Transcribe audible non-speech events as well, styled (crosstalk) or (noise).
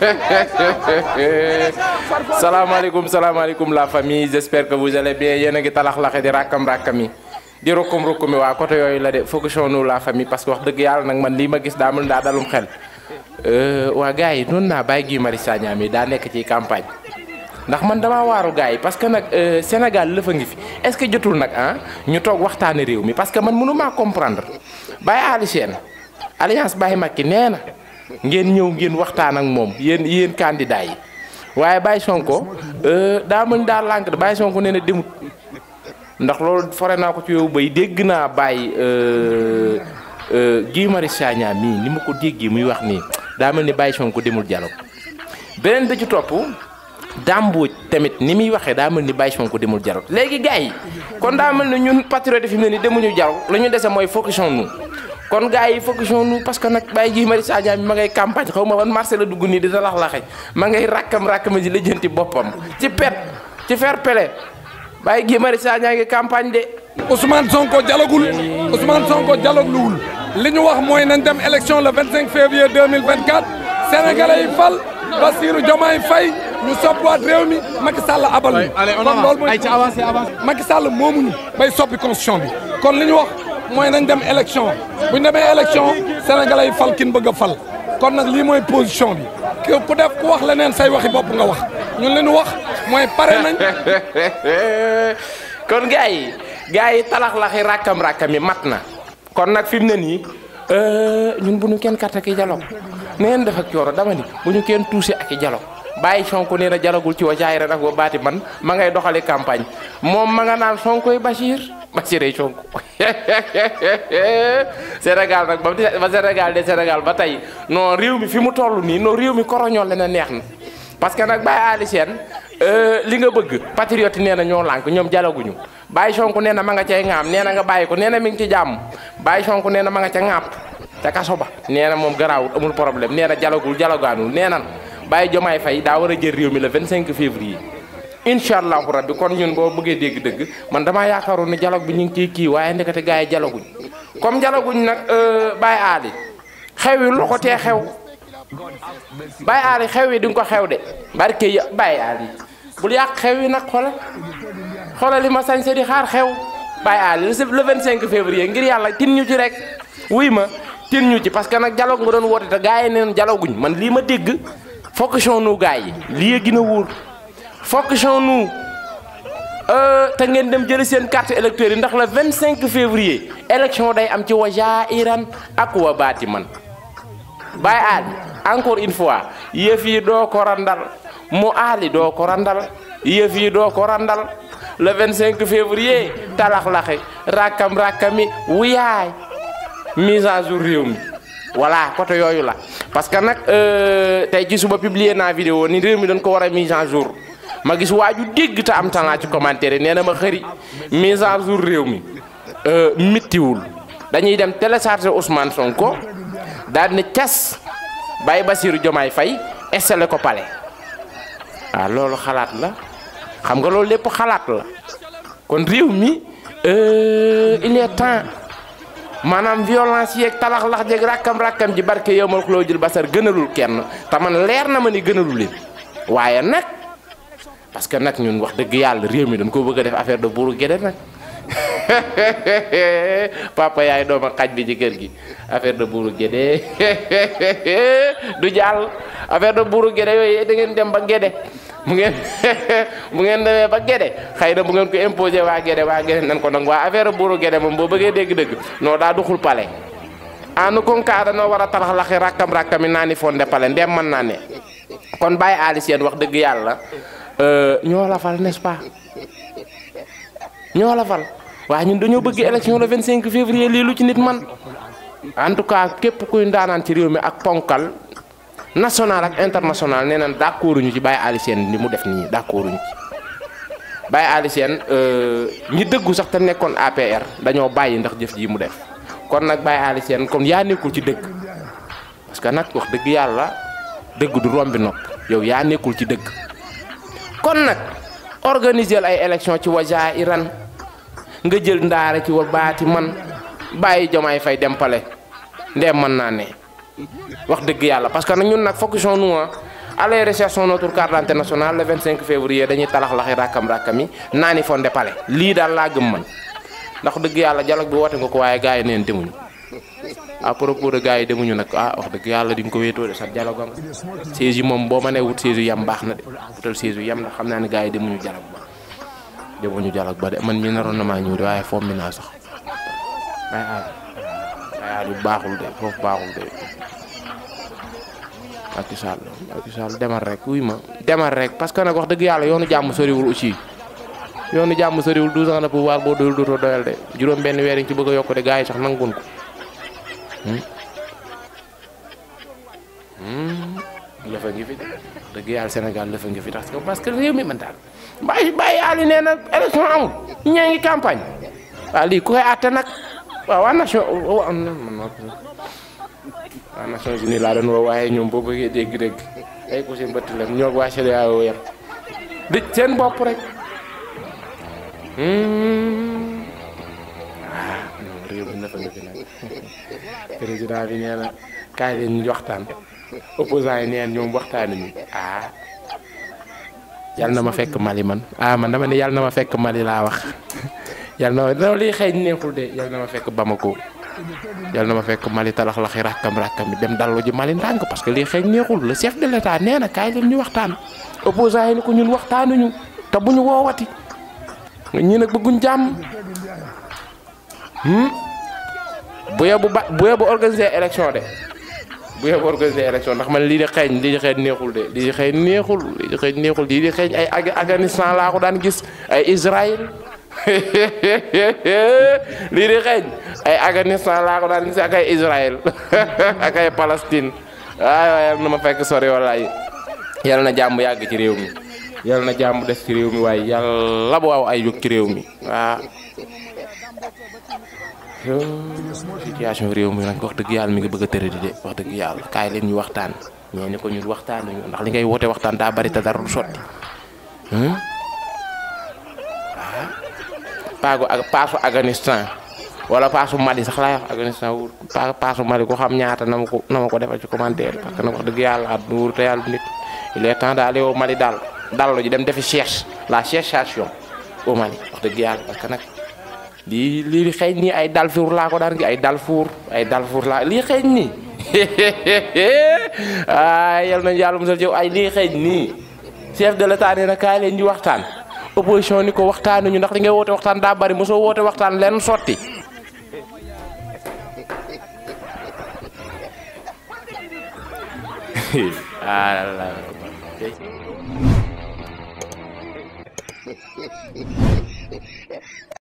(laughs) salam alaikum la famille j'espère que vous allez bien yéen ngi talakh laxe di rakam rakami di rokum rokumi wa côté yoy la dé focusons nous la famille parce que wax deug yalla nak man li ma gis daa dalum xel euh wa gaay na bay mi daa nekk ci campagne ndax man dama waru gaay parce que euh Sénégal fa ngi fi est-ce que jotul nak ah ñu tok waxtane rew mi parce que man mënuma comprendre bay Aly alliance bay Macky néna ngeen ñëw ngeen waxtaan ak moom yéen yéen candidat yi waaye Baye Sonko euh, daa mën daa lànk Baye Sonko nee na demut ndax loolu fore naa ko ci yow bay dégg naa Baye euh, euh, Guy Marius Sagna mii ni ma ko déggee muy wax nii daa mel ni Baye Sonko demul dialogue beneen bi ci topp dàmbuj tamit ni muy waxee daa mel ni Baye Sonko demul dialogue léegi gars kon daa mel ni ñun patriote fi ne nii demuñu dialogue la dese mooy focus on kon gaay yi focusons nous parce que nak bàyyi gi Mari Sagna mi ma ngay campagne xawma ma ban marché la dugg nii di dalax la laxe ma ngay rakam rakam ji lejeenti bopam ci pet ci fer play bàyyi gi Mari Sagna ngi campagne de Ousmane Sonko dialogul Ousmane Sonko dialogul liñu wax moy nañ dem élection le 25 février 2024 sénégalais yi fal basirou Diomaye fay ñu soppiwaat rew mi Macky Sall abal ay ci avancer avancer Macky Sall ñu bay soppi constitution bi kon liñu wax moy nañ dem élection bu ñu demee élection sénégalais yi fal kin bëgg a fal kon nak li moy position bi ku def ku wax leneen say waxi bop nga wax ñun leen wax moy paré nañ. (laughs) kon gaay gaay talax la talaxlaxi rakam rakami matna kon nak fim ne ne euh ñun bu ñu kenn carte ki dialogue neen def ak yoro dama ni bu ñu kenn touché ak i dialogue bàyyi sonko neena na dialogul ci wajay rek ak wa bati man ma ngay doxali campagne mom ma nga naan sonkoy bashir Bassirou Sonko (laughs) Sénégal nag ba ba Sénégal de Sénégal ba tey non réew mi fi mu toll nii non réew mi koroñoon la na neex na parce que nag Baye Aly Sène euh, li nga bëgg patriote nee na ñoo lànk ñoom jalaguñu Baye Sonko nee na ma nga cay ŋaam nee na nga bàyyi ko nee na mi ngi ci jàmm Baye Sonko nee na ma nga ca ŋàpp ca kaso ba nee na moom garaawul amul problème nee na jalagul jalagaanul nee na Baye Diomaye Faye daa war a jël réew mi la le 25 février. incha allahu rabbi kon ñun boo bëggee dégg dëgg man damaa yaakaaroon ne dialogue bi ñu ngi ciy kii waaye ndekete gars yi dialoguñ comme dialoguñ nag euh, Baye Ali xew yi lu ko xew Baye Ali xew yi di ko xew de barke ya Baye Ali bul yàq xew yi nag xoola xoola li ma sañse di xaar xew Baye Ali le 25 février ngir yàlla tin ñu ci rek wuy ma tin ñu ci parce que nag dialogue nga doon woote te gars yi neen dialoguñ man lii ma dégg focus nu gars yi lii gën foc fonctionne euh, te ngeen dem jëli seen carte électeur yi ndax le 25 février élection day am ci wa jairan ak wa baati man bàyyi encore une fois yëf doo ko randal mu aali doo ko randal yëf doo ko randal le 25 février talaxlaxe rakkam rakkami wuyaay mise en jour réew mi voilà côté yooyu la parce que nag euh, tey ci suba publier naa vidéo ni réew mi dañ ko war a mise à jour ma gis waaju dégg te am talent ci commentaire yi nee na ma xëri mise jour réew mi euh, mittiwul dañuy dem télécharger Ousmane Sonko daal ne cas bay Bassirou Diomaye fay installé ko pale a ah, loolu xalaat la xam nga loolu lépp xalaat la kon réew mi euh, il est temps maanaam violence yeeg talax-lax jeeg rakkam-rakkam ji barke yow ma loo jël basar gënalul kenn te leer na ma ni gënalul leen waaye nag parce que nak ñun wax deug yalla réew mi dañ ko bëgg def affaire de buuru gede nak (laughs) papa yaay dooma xaj bi ci kër gi affaire de buuru gede (laughs) du jall affaire de buuru gede yoy da ngeen dem ba gede mu ngeen mu (laughs) ngeen demee ba gede xëy na bu ngeen ko imposer wa gede wa gede nan ko nak wa affaire de buuru gede mom bo bëggé dégg dégg no da duxul palé anu kon ka da no wara talaxlaxi rakkam rakam rakami nani fonde pale ndem mën naa ne kon bàyyi aali seen wax deug yalla ñoo eh, la fal n'est-ce pas fal waaye ñun dañoo bëgg élection le 25 février lii lu ci nit man en tout cas képp kuy ndaanaan ci réew mi ak ponkal national ak international nee nañ d'accord ñu ci Baye Ali Sène li mu def nii ñu Baye Sène euh, ñi dëggu sax te nekkoon APR dañoo bàyyi ndax jëf ji mu def kon nag Baye Ali Sène kon yaa nekkul ci dëgg parce que nag wax dëgg yàlla dëgg du rombi nopp yow yaa nekkul ci dëgg kon nak organiser ay élection ci wajaa iran nga jël ndara ci wa man baye jomay fay dem pale ndem man naa ne wax deug yalla parce que nak ñun nak focusons nous aller recherchons notre carte d'identité nationale le 25 février dañuy talax laxi rakam rakami nani fondé fonde pale dal la gëm man ndax deug yalla dialogue bu woté nga ko waye gaay neen demuñu à propos de yi demuñu nag ah wax dëgg yàlla di ko wéetoo de sax dialogue nga moom boo ma nee wut siège yu yem baax na de wutal siège yu yem xam naa ne gars yi demuñu dialogue ba demuñu de man mii naroon na maa ñëw waaye foom mi naa sax waaye aar waaye aar yu baaxul de foofu baaxul de Macky Sall Macky Sall demal rek wuy ma demal rek parce que nag wax dëgg yàlla yoonu jàmm soriwul aussi yoonu jàmm soriwul 12 ans de pouvoir boo doyal de juróom benn weer yi ci bëgg a yokk de gars yi ko lëfa hmm? hmm? ngi fi dëgg yàlla Sénégal lëfa ngi fi que réew daal bàyyi bàyyi Aliou nee élection amul ñee ngi campagne waaw lii ku koy àtte nag waaw waa nation waa Nations Unies laa doon woo waaye ñoom boo bëggee dégg-dégg ay ko seen bëtt leen ñoo waa CEDEAO yem di seen bopp rek hmm? yóbbu na fa defe président bi nee na kaay leen ñu waxtaan opposant yi neen ñoom waxtaan ni ah yàlla na ma fekk Mali man ah man dama ne yàlla na ma fekk Mali laa wax yàlla na ma non liy xëy neexul de yàlla na ma fekk Bamako yàlla na ma fekk Mali talax laxi rakkam rakkam dem dallu ji Mali ndànk parce que liy xëy neexul le chef de l' état nee leen ñu waxtaan opposant yi ni ko ñun waxtaanuñu te bu ñu woowati ñi nag bëgguñ jàmm. bu yóbbu ba bu yóbbu élection de bu yóbbu organiser élection ndax man lii di xeeñ lii di xeeñ neexul de lii di xeeñ neexul lii neexul lii di xeeñ ay Afghanistan laa ko daan gis ay Israël (laughs) lii di xeeñ ay Afghanistan laa ko daan gis ak ay Israël (laughs) ak Palestine waaw na ma fekk sori walaay yal na jàmm yàgg ci réew mi yal na jàmm def ci réew mi waaye yàlla bu waaw ay jóg ci réew mi waaw situation réew mi nag wax dëgg yàlla mi ngi bëgg a tëri di de wax dëgg yàlla kaay leen ñu waxtaan ñee ni ko ñun waxtaan hmm? ah? nañu ndax li ngay woote waxtaan daa bari ak Afghanistan wala paasu Mali sax laay wax Afghanistan wut paasu Mali ko xam ñaata na ma ko na ma ko defal ci commentaire parce que nag wax dëgg yàlla àdduna wóor te yàlla nit il est temps d'aller au Mali ji dem defi cherche la cherchation au Mali wax parce que li li xeeñ nii ay dalfour la ko dar gi ay dalfour ay dalfour la li xeeñ nii ay yal na yàlla musal jow ay li xeeñ nii chef de l'etat ni nak kaay leen ñu waxtaan opposition ni ko waxtaanuñu ndax li ngay woote waxtaan daa bari mosoo woote waxtaan leen sotti (laughs) ah,